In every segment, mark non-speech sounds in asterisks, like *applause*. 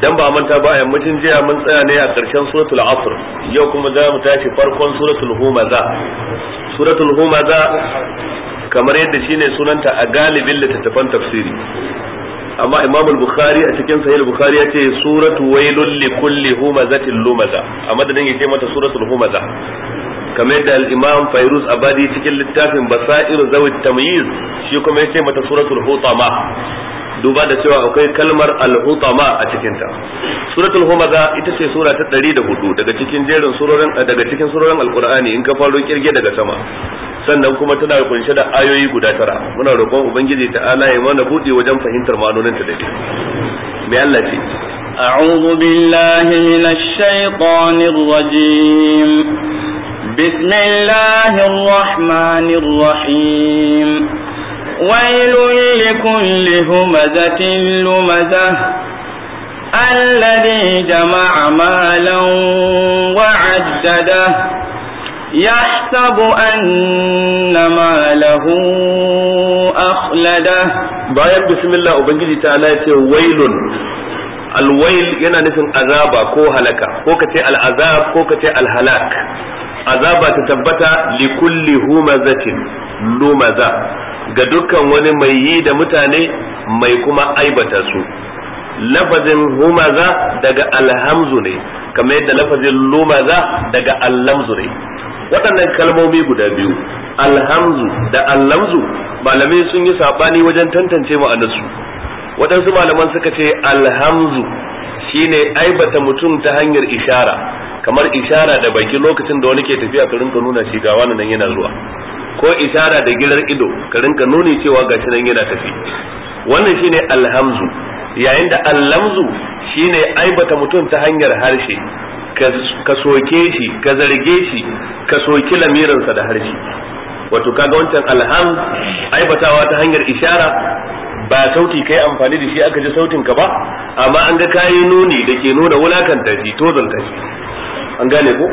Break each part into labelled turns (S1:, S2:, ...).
S1: idan ba manta ba a yammacin jiya mun tsaya ne a ƙarshen suratul asr yau kuma za mu tashi farkon suratul humaza suratul humaza kamar yadda shine sunanta a galibin littattafan tafsiri amma imam al-bukhari a cikin sahih al-bukhari ya ce suratu wailul li kulli humazatin lumaza a madadin ya ce mata suratul humaza kamar yadda al-imam fairuz abadi cikin littafin basairu zawit tamyiz shi kuma ya ce mata suratul hutama duba da cewa akwai kalmar al-hutama a cikin ta suratul humaza ita ce sura ta 104 daga cikin jerin surorin eh, daga cikin surorin alqur'ani in ka faro kirge daga sama sannan kuma tana kunshe da ayoyi guda tara muna roƙon ubangiji ta'ala ya mana bude wajen fahimtar ma'anonin ta dake mai
S2: Allah ce أعوذ بالله من الشيطان الرجيم بسم الله الرحمن ويل لكل همزة لمزة الذي جمع مالا وعدده يحسب أن ماله أخلده bayan bismillah ubangiji ta ala ce wailun
S1: alwail yana nufin azaba ko halaka ko kace al'azab ko kace alhalak azaba ta tabbata li kulli lumaza ga dukkan wani mai yi da mutane mai kuma aibata su lafazin humaza daga alhamzu ne kamar yadda lafazin lumaza daga allamzu ne waɗannan kalmomi guda biyu alhamzu da allamzu malamai sun yi saɓani wajen tantance ma'anarsu waɗansu malaman suka ce alhamzu shine aibata mutum ta hanyar ishara kamar ishara da baki lokacin da wani ke tafiya ka rinka nuna shi ga wani nan yana zuwa ko ishara da girar ido ka rinka nuni cewa gashi nan yana tafi wannan shine alhamzu yayin da allamzu shine aibata mutum ta hanyar harshe ka soke shi ka zarge shi ka soki lamirinsa da harshe wato kaga wancan alham aibatawa ta hanyar ishara ba sauti kai amfani da shi aka ji sautin ka ba amma an ga kayi nuni da ke nuna wulakanta shi zan shi an gane ko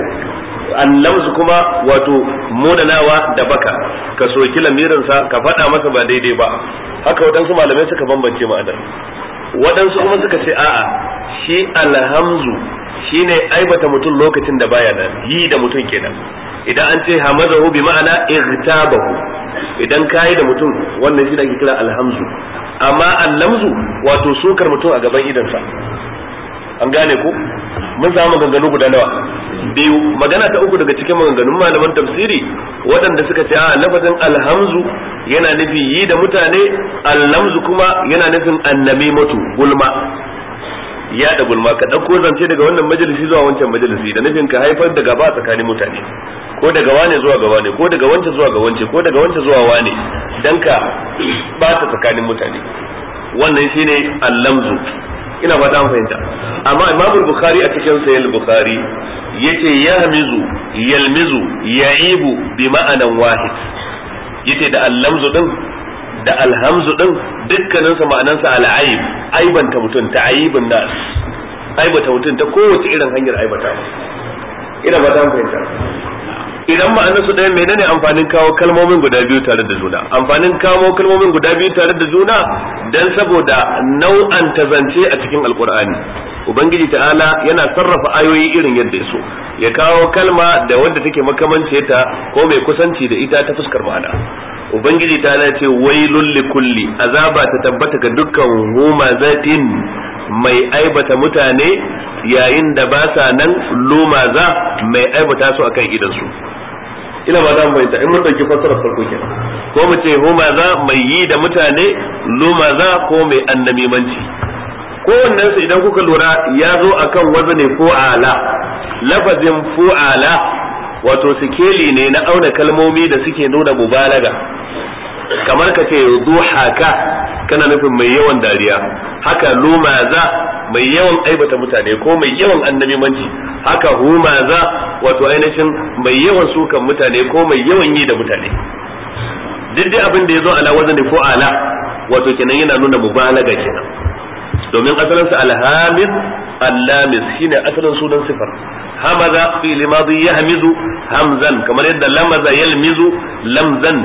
S1: allauzu kuma wato munanawa da baka ka soki lamirinsa ka faɗa masa ba daidai ba haka waɗansu malamai suka bambance ma'anar waɗansu kuma suka ce a'a shi alhamzu shine aibata mutum lokacin da baya da yi da mutum kenan idan an ce hamazahu bi ma'ana irtabahu idan kayi da mutum wannan shi da ake kira alhamzu amma allamzu wato sukar mutum a gaban idansa an gane ko mun samu ganganu guda nawa biyu magana ta uku daga cikin maganganun malaman tafsiri waɗanda suka ce a lafazin alhamzu yana nufi yi da mutane allamzu kuma yana nufin annamimatu gulma ya da gulma ka ɗauko zance daga wannan majalisi zuwa wancan majalisi da nufin ka haifar da gaba tsakanin mutane ko daga wane zuwa ga wane ko daga wance zuwa ga wance ko daga wance zuwa wane dan ka ta tsakanin mutane wannan shine allamzu ina fata an fahimta amma imam bukhari a cikin Sayyid bukhari yace yahmizu yalmizu ya'ibu bi ma'anan wahid yace da allamzu din da alhamzu din dukkanin su ma'anan sa al'aib aibanta mutun aibun nas aibata mutun ta kowace irin hanyar aibata ina ba ta fahimta idan ma'anar su ɗaya menene amfanin kawo kalmomin guda biyu tare da juna amfanin kawo kalmomin guda biyu tare da juna dan saboda nau'an ta zance a cikin alkur'ani ubangiji ta'ala yana sarrafa ayoyi irin yadda so ya kawo kalma da wadda take makamance ta ko mai kusanci da ita ta fuskar ma'ana ubangiji ta'ala ce wailul likulli azaba ta tabbata ga dukkan zatin mai aibata mutane yayin da ba sa nan lumaza mai aibata su akan idan su. ina ba za fahimta in mun dauki fassarar farko ke. ko mu ce hu maza mai yi da mutane luma maza ko mai annamimanci kowannen su idan kuka lura ya zo akan wazani ala lafazin Ala, wato sikeli ne na auna kalmomi da suke nuna mubalaga kamar ka ce haka kana nufin mai yawan dariya haka lumaza mai yawan aibata mutane ko mai yawan annabimanci haka humaza wato ainihin mai yawan sukan mutane ko mai yawan yi da mutane duk dai abin da ya zo ala wazani ko ala wato kenan yana nuna mubalaga kenan domin asalinsa alhamis allamis shine asalin sunan sifar hamaza fi limadi yahmizu hamzan kamar yadda lamaza yalmizu lamzan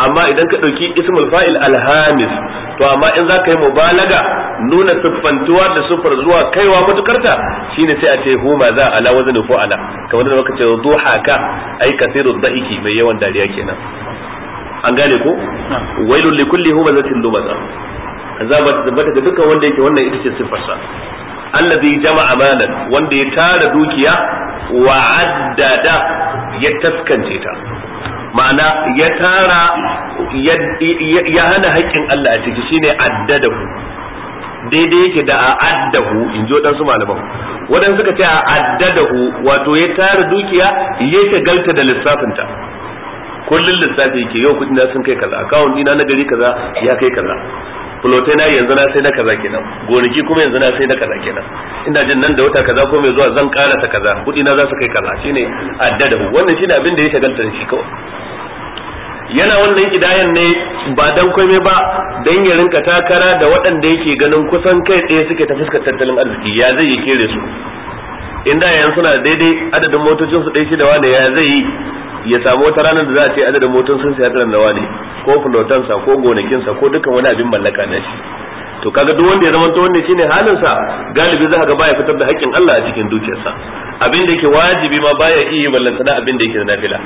S1: amma idan ka ɗauki ismul fa'il alhamis to amma in za ka yi mubalaga nuna siffantuwa da siffar zuwa kaiwa matukarta shine sai a ce hu ma za ala wazn fu'ala kamar da muka ce duhaka ai kasirud daiki mai yawan dariya kenan an gane ko wailul likulli humazatin lumaza azaba tabbata ga dukkan wanda yake wannan ita ce siffarsa allazi jama'a malan wanda ya tara dukiya wa addada ya taskance ta ma'ana ya tara ya hana haƙƙin Allah a ciki shine addadahu daidai yake da a addahu in ji waɗansu malaman waɗansu suka ce a addadahu wato ya tara dukiya ya shagalta da lissafinta kullum lissafi yake yau kuɗi sun kai kaza akawun dina na gari kaza ya kai kaza fulotai na yanzu na sai na kaza kenan gonaki kuma yanzu na sai na kaza kenan ina jin nan da wata kaza ko mai zuwa zan ta kaza kudi na za su kai kaza shine addada wannan shine abin da ya shagalta shi kawai yana wannan kidayan ne ba dan komai ba dan ya rinka takara da waɗanda yake ganin kusan kai tsaye suke ta fuskar tattalin arziki ya zai yi kere su inda yanzu suna daidai adadin motocin su ɗaya shi da wani ya zai yi ya samu wata ranar da za a ce adadin motan sun siya tsiran nawa ne ko fulotansa ko gonakinsa ko dukkan wani abin mallaka na shi to kaga duk wanda ya zama to wannan shine halinsa, galibi za ga baya fitar da haƙƙin Allah a cikin dukiyarsa abin da yake wajibi ma baya iya ballanta da abin da yake na nafila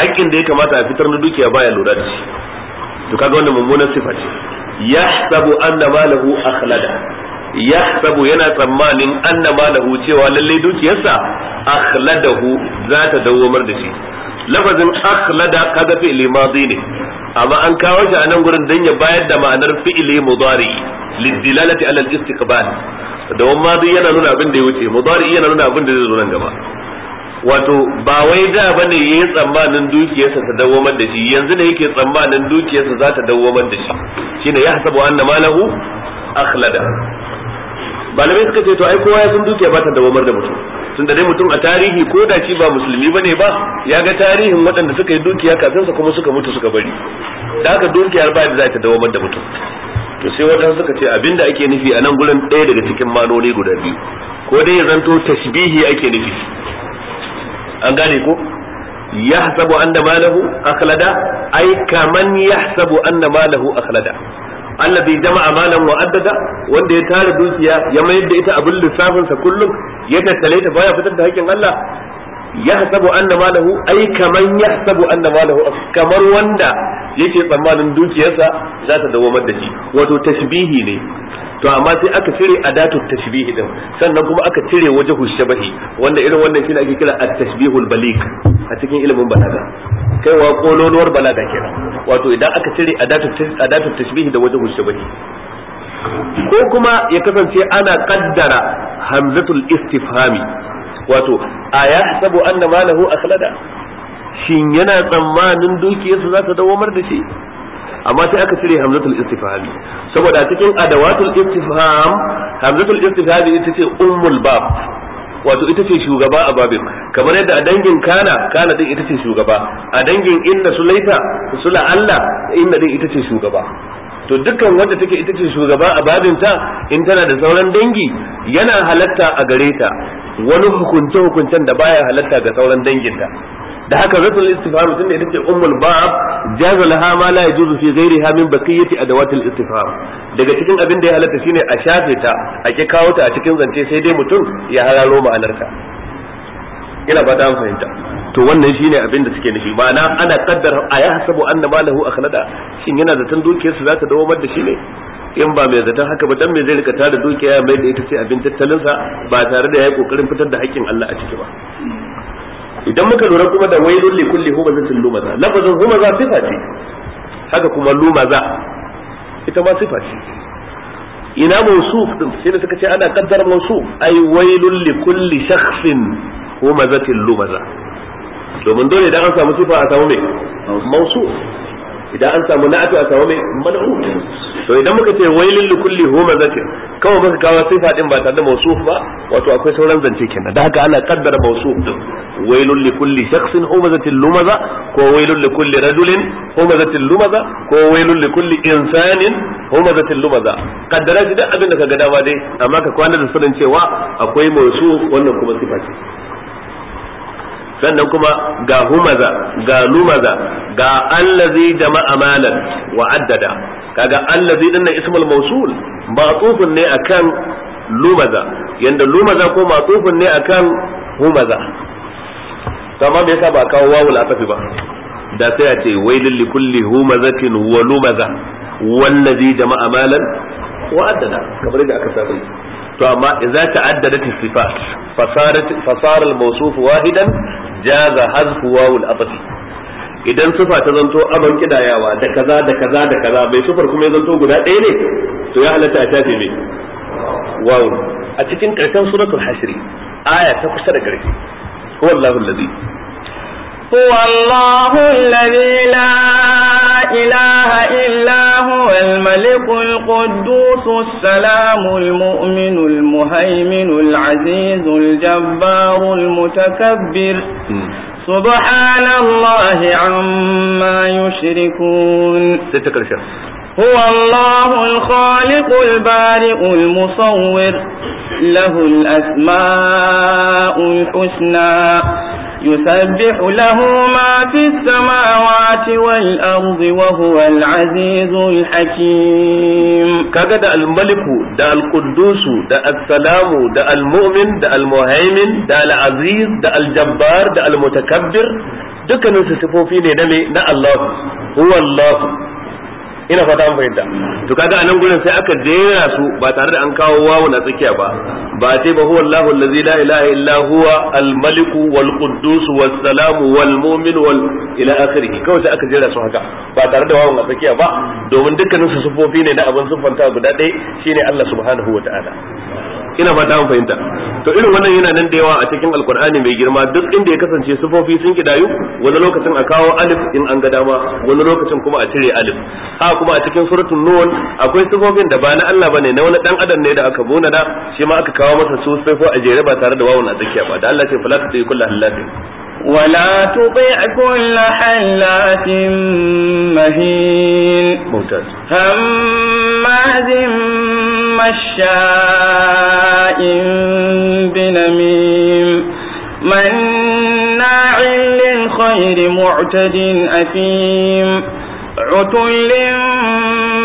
S1: haƙƙin da ya kamata a fitar na dukiya baya lura da shi to kaga wannan mummunan sifa ce yahsabu anna malahu akhlada yahsabu yana tsammanin anna malahu cewa lalle dukiyarsa akhladahu za ta mar da shi lafazin akhlada kaga fi'li madi ne amma an kawo shi a nan gurin dan ya bayar da ma'anar fi'li mudari lidilalati ala al-istiqbal wannan madi yana nuna abin da ya wuce mudari yana nuna abin da zai zo nan gaba wato ba wai da bane yayin tsammanin dukiyarsa ta dawwamar da shi yanzu ne yake tsammanin dukiyarsa za ta dawwamar da shi shine ya hasabu anna malahu akhlada malamai suka ce to ai kowa ya san dukiya ba ta dawwamar da mutum tun da dai mutum a tarihi ko da shi ba musulmi bane ba ya ga tarihin waɗanda suka yi dukiya kafin su kuma suka mutu suka bari da haka dukiyar ba da za ta dawo da mutum to sai waɗansu suka ce abinda ake nufi a nan gurin ɗaya daga cikin manoni guda biyu ko dai ya zanto tashbihi ake nufi an gane ko yahsabu anna malahu akhlada ay kaman yahsabu anna malahu akhlada allazi jama'a malan mu'addada wanda ya tara dukiya ya mayar da ita abin lissafin sa kullum ya tattale ta baya fitar da hakkin Allah yahsabu anna malahu ay kaman yahsabu anna malahu kamar wanda yake tsammanin dukiyarsa za ta dawamar da shi wato tashbihi ne to amma sai aka cire adatu tashbihi din sannan kuma aka cire wajhu shabahi wanda irin wannan ne ake kira at-tashbihul baliq a cikin ilimin balaga kaiwa kololuwar balaga kenan wato idan aka cire adatu tashbihi da wajen shabahi ko kuma ya kasance ana kaddara hamzatul istifhami wato a yahsabu anna malahu akhlada shin yana tsammanin dukiyarsa za ta dawamar da shi amma sai aka cire hamzatul istifhami saboda cikin adawatul istifham hamzatul istifhami ita ce ummul bab wato ita ce shugaba a babin kamar yadda a dangin kana kana din ita ce shugaba a dangin inna sulaita sula Allah inna din ita ce shugaba to dukkan wanda take ita ce shugaba a babin ta in tana da sauran dangi yana halatta a gareta, wani hukunce hukuncen da baya halatta ga sauran danginta da haka rasul istifham tun da ita ce ummul bab jaza laha ma la yajuzu fi ghairiha min baqiyati adawatil istifham daga cikin abin da ya halatta shine a shafe ta a ki kawo ta a cikin zance sai dai mutum ya hararo ma'anarta ina ba ta fahimta to wannan shine abin da suke nufi ma'ana ana kaddara a yahsabu anna malahu akhlada shin yana zaton dukiyarsa za ta dawo da shi ne in ba mai zaton haka ba dan me zai rika tada dukiya mai da ita ce abin tattalinsa ba tare da ya yi kokarin fitar da haƙƙin Allah a ciki ba idan muka lura kuma da wai li kulli huma luma za lafazin huma za sifa ce haka kuma luma za ita ma sifa ce ina mawsuf din sai da suka ce ana kaddar mawsuf ai wailul li kulli shakhsin huma humazatin lumaza domin dole idan an samu sifa a samu mai mawsuf idan an samu na'atu a samu mai mana'u to idan muka ce wailin likulli humazatin kawai muka kawo sifa din ba tare da mausuf ba wato akwai sauran zance kenan da haka ana kaddara mausuf din wailun likulli shakhsin humazatin lumaza ko wailul likulli rajulin humazatin lumaza ko wailul likulli insanin humazatin lumaza kaddara shi duk abin da kaga dama dai amma ka kwana da sanin cewa akwai mausuf wannan kuma sifa ce sannan kuma ga humaza ga lumaza ga allazi jama'a malan wa addada kaga allazi dinnan ismul mausul ma'tufun ne akan lumaza yanda lumaza ko ma'tufun ne akan humaza amma me yasa ba kawo wawul asafi ba da sai a ce wai wailul likulli humazatin wa lumaza wallazi jama'a malan wa addada kamar da aka saba to amma idza ta'addadat sifat fasarat fasara al-mawsuf wahidan jaza hazfu wawul athfi idan sufa ta zanto aban kidayawa da kaza da kaza da kaza bai sufar kuma ya zanto guda ɗaya ne to ya halatta a tafi mai wawu a cikin karshen suratul hasri aya ta kusa da karfi huwallahu allazi
S2: هو الله الذي لا إله إلا هو الملك القدوس السلام المؤمن المهيمن العزيز الجبار المتكبر سبحان الله عما يشركون هو الله الخالق البارئ المصور له الأسماء الحسنى يسبح له ما في السماوات والأرض وهو العزيز الحكيم كذا دا الملك دا القدوس دا السلام
S1: دا المؤمن دا المهيمن دا العزيز دا الجبار دا المتكبر دكان سفوفين نمي نا الله هو الله ina fata an fahimta to kaga anan gurin sai aka jera su ba tare da an kawo wawu na tsakiya ba ba ce ba huwa Allahu allazi la ilaha illa huwa al-malik wal quddus was salam wal mu'min wal ila akhirih kawai sai aka jera su haka ba tare da wawu na tsakiya ba domin dukkanin su sufofi ne na abin siffanta guda ɗaya shine Allah subhanahu wa ta'ala ina ba ta fahimta to irin wannan yana nan da yawa a cikin alkur'ani mai girma duk inda ya kasance sufofi sun kidayu wani lokacin a kawo alif in an ga dama wani lokacin kuma a cire alif ha kuma a cikin suratul nun akwai sufofin da ba na Allah bane na wani dan adam ne da aka bona da shi ma aka kawo masa su a jere ba tare da wawun a tsakiya ba da Allah ce ta yi kullu hallatin
S2: ولا تطع كل حلات مهين ممتاز هماز مشاء بنميم مناع للخير معتد أثيم عتل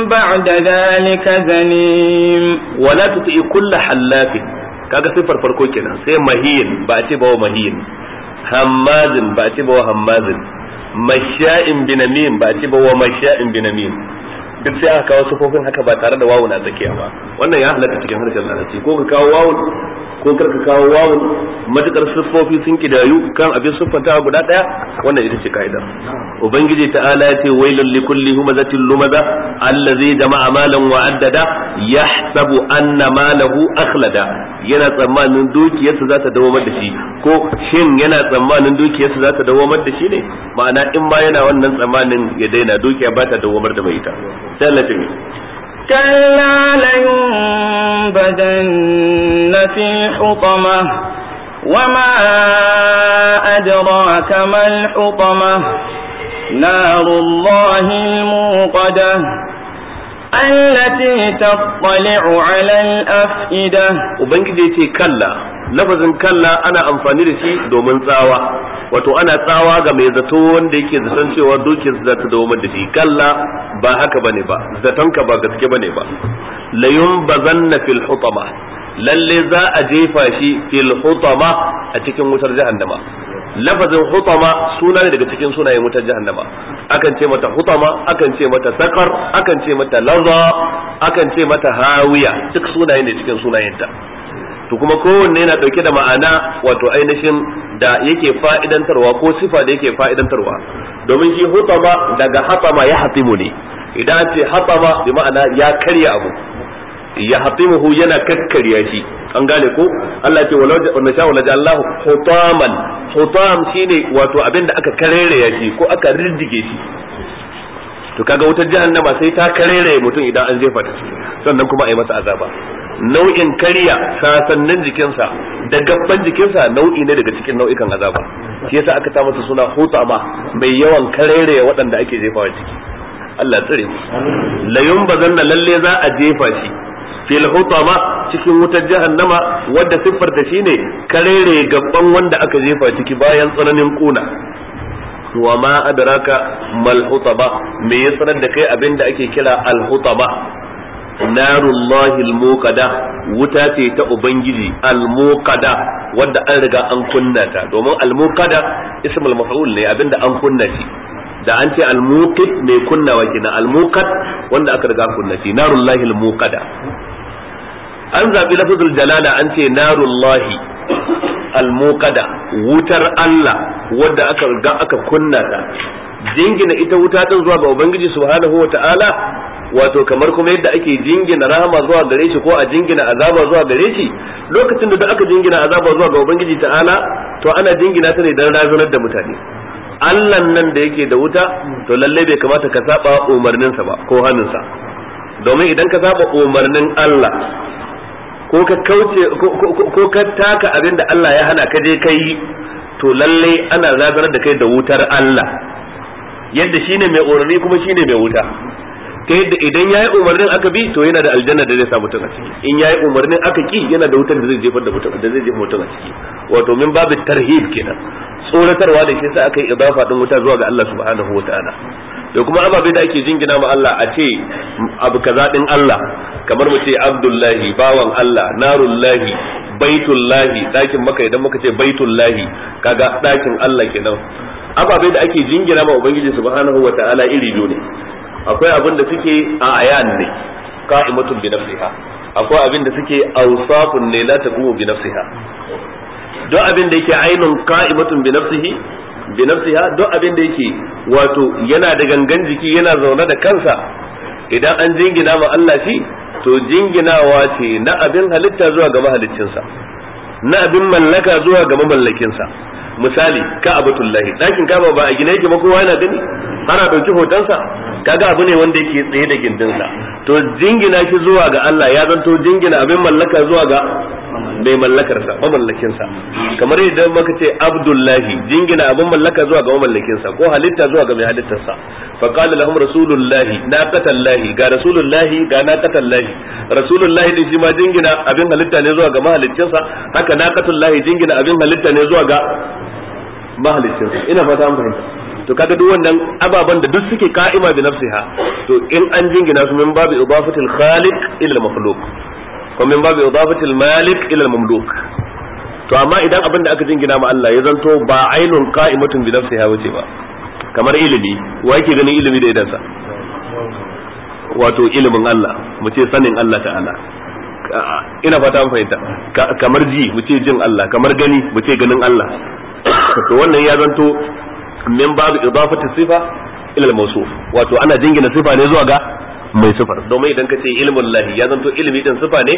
S2: بعد ذلك زنيم ولا تطع كل حلاف
S1: kaga sifar farko kenan sai mahin ba a ce ba mahin hammazin ba ce ba wa hammazin masha'in binamin ba ce ba wa binamin duk sai aka kawo sufofin haka ba tare da wawu na tsakiya ba wannan ya halatta cikin harshen larabci ko ka kawo wawu ko karka kawo wawu matukar siffofi sun kidayu kan abin siffanta guda daya wannan ita ce kaida ubangiji ta'ala ya ce wailul likulli humazatin lumaza allazi jama'a malan wa addada yahsabu anna malahu akhlada yana tsammanin dukiyarsa za ta dawo da shi ko shin yana tsammanin dukiyarsa za ta dawo da shi ne ma'ana in ma yana wannan tsammanin ya daina dukiya ba ta dawo da mai ita sai
S2: Allah التي حطمة وما أدراك ما الحطمة نار الله الموقدة التي تطلع على الأفئدة وبنجدتي
S1: كلا لفظ كلا أنا أنفاني دومن تاوى wato ana tsawa ga mai zato wanda yake zaton cewa dukiyar za ta dawo da shi kalla ba haka bane ba zatonka ba gaske bane ba layun na fil hutama lalle za a jefa shi fil hutama a cikin wutar jahannama lafazin hutama suna ne daga cikin sunayen wutar jahannama akan ce mata hutama akan ce mata sakar akan ce mata laza akan ce mata hawiya duk sunaye ne cikin sunayenta to kuma kowanne yana dauke da ma'ana wato ainihin da yake fa'idantarwa ko sifa da yake fa'idantarwa domin shi hutama daga hatama ya hatimu ne idan ce hatama bi ma'ana ya karya abu ya hatimuhu yana kakkarya shi an gane ko Allah ce walau wannan shawala walau Allah hutaman hutam shine wato abinda da aka karereya shi ko aka riddige shi to kaga wutar jahannama sai ta karereye mutum idan an jefa ta sannan kuma a yi masa azaba nau'in karya sasannin jikinsa da gaban jikinsa nau'i ne daga cikin nau'ikan azaba shi yasa aka ta masa suna hutama mai yawan karereya waɗanda ake jefawa ciki Allah tsare mu la yunbazanna lalle za a jefa shi fil hutama cikin wutar jahannama wadda siffar ta shine karere gaban wanda aka jefa ciki bayan tsananin kuna wa ma adraka mal hutama me ya sanar da kai abin da ake kira al hutama narullahi al muqada wuta ce ta ubangiji al muqada wadda an riga an kunna ta domin al muqada ismul maf'ul ne abinda an kunna shi da an ce almuqit mai kunnawa al almuqat wanda aka riga kunna shi narullahi almuqada an zabi lafazul jalala an ce narullahi almuqada wutar Allah wadda aka riga aka kunna ta jingina ita wuta din zuwa ga ubangiji subhanahu wataala wato kamar kuma yadda ake jingina rahama zuwa gare shi ko a jingina azaba zuwa gare shi lokacin da aka jingina azaba zuwa ga ubangiji ta'ala to ana jingina ta ne dan razanar da mutane Allah nan da yake da wuta to lalle bai kamata ka saba umarninsa ba ko hannunsa domin idan ka saba umarnin Allah ko ka kauce ko ka taka abin da Allah ya hana ka je kai to lalle ana zagar da kai da wutar Allah yadda shine mai umarni kuma shine mai wuta ta yadda idan yayi umarnin aka bi to yana da aljanna da zai sa mutum a ciki in yayi umarnin aka ki yana da wutar da zai jefar da mutum da zai jefa mutum a ciki wato min babu tarhib kenan tsoratarwa da shi sa aka yi idafa din wuta zuwa ga Allah subhanahu wataala da kuma ababe da ake jingina ma Allah a ce abu kaza din Allah kamar mu ce abdullahi bawan Allah narullahi baitullahi dakin maka idan muka ce baitullahi kaga dakin Allah kenan ababe da ake jingina ma ubangiji subhanahu wataala iri biyu ne akwai abin da suke a ayan ne qa'imatun bi nafsiha akwai abin da suke awsafun ne la taqumu bi nafsiha duk abin da yake ainun qa'imatun bi nafsihi bi nafsiha duk abin da yake wato yana da gangan jiki yana zaune da kansa idan an jingina ma Allah shi to jinginawa ce na abin halitta zuwa ga mahaliccinsa na abin mallaka zuwa ga mamallakinsa misali ka abatullahi ɗakin kaba ba a gina yake ba kowa yana gani ana ɗauki hotonsa kaga abu ne wanda yake tsaye da gindinsa to jingina shi zuwa ga Allah ya zanto jingina abin mallaka zuwa ga mai mallakarsa mamallakinsa kamar yadda muka ce abdullahi jingina abin mallaka zuwa ga mamallakinsa ko halitta zuwa ga mai halittarsa fa qala lahum rasulullahi naqatallahi ga rasulullahi ga naqatallahi rasulullahi din shi ma jingina abin halitta ne zuwa ga mahaliccinsa haka naqatullahi jingina abin halitta ne zuwa ga mahaliccinsa ina fata an fahimta to kaga duk wannan ababan da duk suke ka'ima bi nafsiha to in an jingina su min babu idafatil khaliq ila al makhluq wa min babu idafatil malik ila al mamluk to amma idan abin da aka jingina ma Allah ya zanto ba ainun qa'imatun bi nafsiha wace ba kamar ilimi wa yake ganin ilimi da idansa wato ilimin Allah mu ce sanin Allah ta'ala ina fata mun fahimta kamar ji mu ce jin Allah kamar gani mu ce ganin Allah to wannan ya zanto min babu idafati sifa ila al-mawsuf wato ana jingina sifa ne zuwa ga mai sifar domin idan ka ce ilmin lahi ya zanto ilimi din sifa ne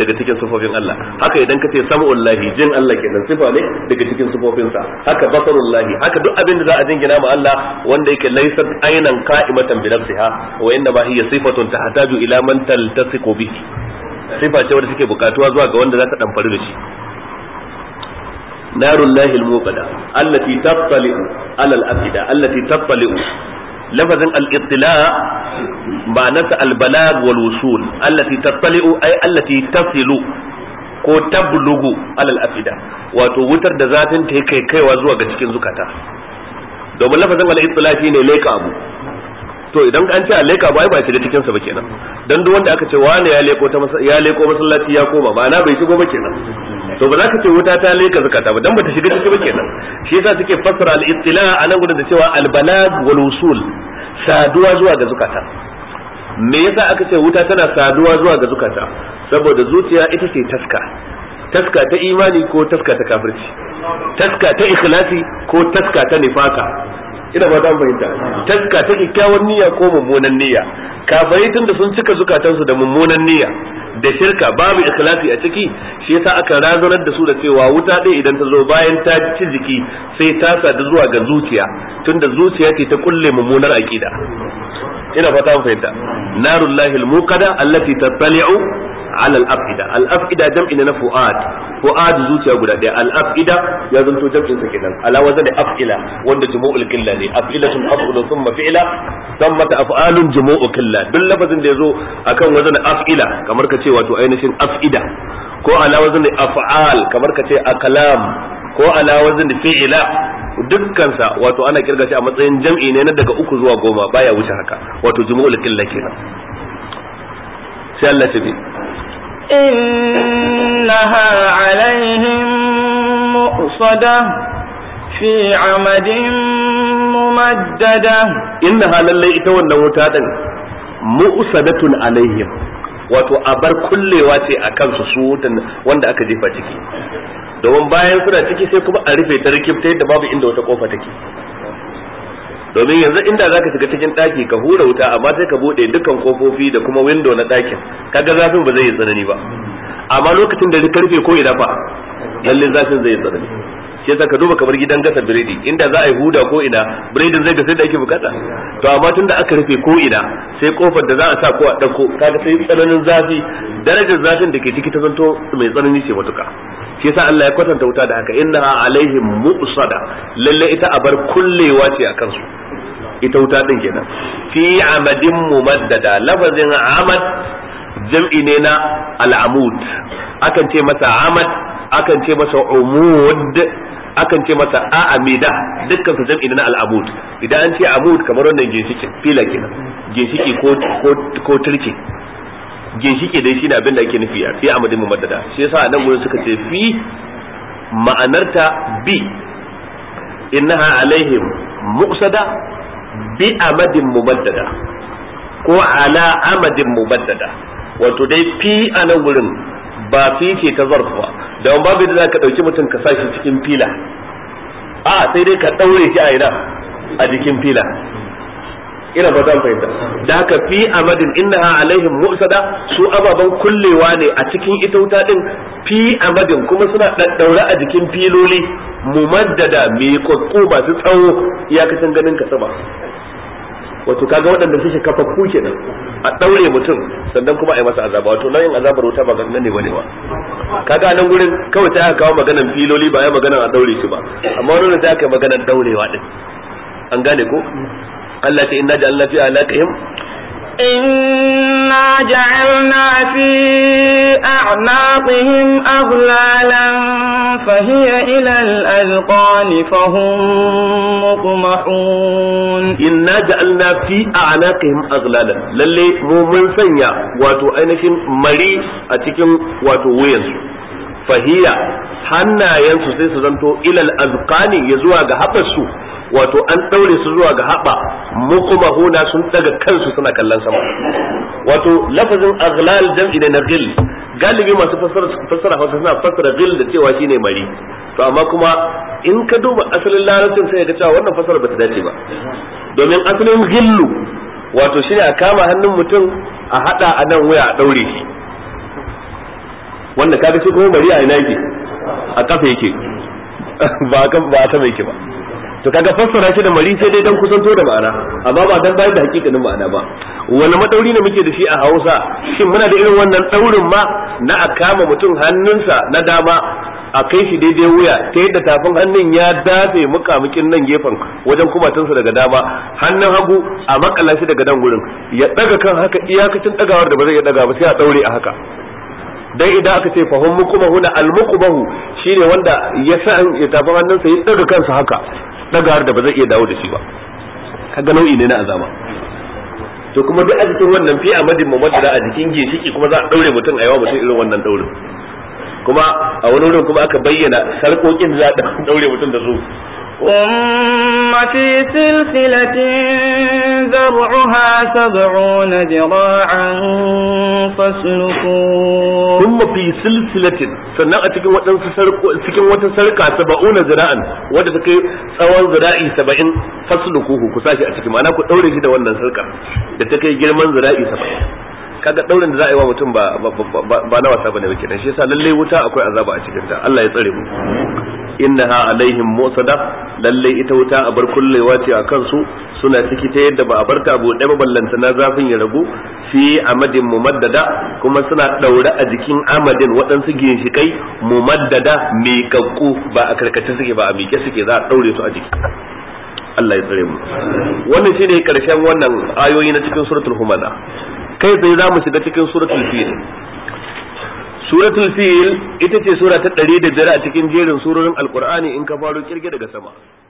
S1: daga cikin sufofin Allah haka idan ka ce sam'un lahi jin Allah kenan sifa ne daga cikin sa haka basarul lahi haka duk abin da za a jingina ma Allah wanda yake laysa aynan qa'imatan bi nafsiha wa inna ma hiya sifatun tahtaju ila man taltasiqu bihi sifa ce wanda take bukatuwa zuwa ga wanda za ta faru da shi narul lahi al-muqada allati tattali'u ala al-afida allati tattali'u لفظ الاطلاع معنى البلاغ والوصول التي تطلع wusul التي تصل ko tablugu alal afida wato wutar da zafin ta kai kaiwa zuwa ga cikin zukata domin lafazin al-ittila ne leka abu to idan an ce ai ba ba shiga cikin sa ba kenan dan duk wanda aka ce wani ya leko ta ya leko masallaci ya koma ba na bai shigo ba kenan to ba za ka ce wuta ta leka zakata ba dan ba ta shiga ciki ba kenan shi yasa suke fasara al-istila a nan gudun da cewa al-balag wal usul saduwa zuwa ga zukata me yasa aka ce wuta tana saduwa zuwa ga zukata saboda zuciya ita ce taska taska ta imani ko taska ta kafirci taska ta ikhlasi ko taska ta nifaka ina ba ta bayyana taska ta kyakkyawan niyya ko mummunan niyya kafirai tun da sun cika zukatansu da mummunan niyya da shirka babu ikhlasi a ciki shi yasa aka razanar da su da cewa wuta ɗaya idan ta zo bayan ta ci jiki sai ta sadu zuwa ga zuciya tunda zuciya ce ta kulle mummunar aqida ina fata mun fahimta narullahi almuqada allati tattali'u ala al-afida al-afida jam'i na fu'ad Ko adu zuciya guda daya al-afida ya zanto jam'in sa kenan ala wazan af'ila wanda jumu'ul qilla ne Af'ila af'ilatun sun thumma fi'la thumma af'alun jumu'u qilla duk lafazin da yazo akan wazan af'ila kamar ka ce wato ainihin af'ida ko ala wazan af'al kamar ka ce akalam ko ala wazan fi'ila dukkansa wato ana kirga shi a matsayin jam'i ne na daga uku zuwa goma baya wuce haka wato jumu'ul qilla kenan sai Allah ya
S2: إنها عليهم مؤصدة في عمد ممددة إنها للي إتوان نوتادا مؤصدة
S1: عليهم wato abar kullewa ce a kansu su wanda aka jefa ciki domin bayan suna ciki sai kuma a rufe ta rikifta yadda babu inda wata kofa take domin yanzu inda zaka shiga cikin daki ka hura wuta amma sai ka bude dukkan kofofi da kuma window na dakin kaga zafin ba zai yi tsanani ba amma lokacin da karfe ko ya dafa lalle zafin zai yi tsanani shi yasa ka duba kamar gidan gasa biredi inda za a yi huda ko ina biredin zai sai da ake bukata to amma tun da aka rufe ko ina sai kofar da za a sa ko a dauko kaga sai tsananin zafi darajar zafin da ke ciki ta zanto mai tsanani ce matuka shi yasa Allah ya kwatanta wuta da haka inna alaihim muqsada lalle ita abar kullewa ce a kansu ita wuta din kenan fi amadin mumaddada lafazin amad jam'i ne na al'amud akan ce masa amad akan ce masa umud akan ce masa a'amida dukkan su jam'i na al'amud idan an ce amud kamar wannan ginshikin fila kenan ginshiki ko ko ko turke ginshike dai shine abin da ake nufi a fi amadin mumaddada shi yasa nan gurin suka ce fi ma'anarta bi innaha alaihim muqsada bi amadin mumaddada ko ala amadin mumaddada wato dai fi a nan gurin ba fi ce ta zarf ba da wani babu da za ka ɗauki mutum ka sa shi cikin fila a sai dai ka ɗaure shi a ina a jikin fila ina ba zan fahimta da haka fi amadin Inna alaihim mu'sada su ababan kullewa ne a cikin ita wuta din fi amadin kuma suna daddaure a jikin filoli mumaddada mai kokko ba su tsawo ya iyakacin ganin ka sama wato kaga waɗanda suke ku kenan a ɗaure mutum sannan kuma a yi masa azaba wato nau'in azabar wuta ba ganin ne bane ba kaga nan gurin kawai ta kawo maganar filoli ba ya maganar a ɗaure shi ba amma wani ta aka yi maganar ɗaurewa din an gane ko Allah ta inna ja'alna fi alaqihim
S2: inna ja'alna fi a'naqihim aghlalan fa hiya ila al-azqan fa hum muqmahun inna ja'alna fi a'naqihim aghlalan lalle mu
S1: mun sanya wato ainihin mari a cikin wato wayansu fahiya hannayensu sai su zanto ilal azqani ya zuwa ga haɓarsu wato an daure su zuwa ga haba huna sun daga kansu suna kallon sama wato lafazin aghlal jam'i ne na galibi masu fassara fassara hausa suna fassara ghil da cewa shine mari to amma kuma in ka duba asalin larabcin sai ka cewa wannan fassara bata dace ba domin asalin ghillu wato shine a kama hannun mutum a hada a nan wuya a daure shi wanda kaga shi kuma mari a ina yake a kafa *laughs* yake ba ba ta mai ke ba to kaga fassara shi da mari sai dai dan kusanto da ma'ana amma ba dan bayar da hakikanin ma'ana ba wani madauri ne muke da shi a Hausa shin muna da irin wannan daurin ma na a kama mutum hannunsa na dama a kai shi daidai wuya ta yadda tafin hannun ya dafe mukamukin nan gefen wajen kumatunsa daga dama hannun hagu a makala shi daga nan gurin ya daga kan haka iyakacin dagawar da ba zai daga ba sai a daure a haka dan idan aka ce fahimmu kuma huna almuqbahu shine wanda ya sa ya tafin hannunsa ya daga kansa haka daga da ba zai iya dawo da shi ba kaga nau'i ne na azama. to kuma duk a wannan fi madin mumaddada a jikin ginshiki kuma za a daure mutum a yawa mutum irin wannan daurin kuma a wani wurin kuma aka bayyana sarkokin za a *laughs* daure mutum da su
S2: ثم في سلسلة ذرعها سبعون ذراعا فاسلكوه ثم في سلسلة sannan a
S1: cikin wata sarka saba'una zira'an wadda ta kai tsawon zira'i saba'in faslukuhu ku sashi a ciki ma'ana ku ɗaure shi da wannan sarka da ta kai girman zira'i saba'in kaga daurin da za a yi wa mutum ba ba na wasa bane kenan shi yasa lalle wuta akwai azaba a cikin ta Allah ya tsare mu innaha alaihim musada lalle ita wuta a bar kullewa ce a kansu suna ciki ta yadda ba a bar ta bude ba ballanta na zafin ya ragu fi amadin mumaddada kuma suna daure a jikin amadin waɗansu ginshikai mumaddada miƙaƙƙu ba a karkace suke ba a miƙe suke za a daure su a jiki Allah ya tsare mu wannan shine karshen wannan ayoyi na cikin suratul humaza kai tsaye za mu shiga cikin suratul fil suratul fil ita ce sura ta 105 a cikin jerin surorin alqur'ani in ka faro kirge daga sama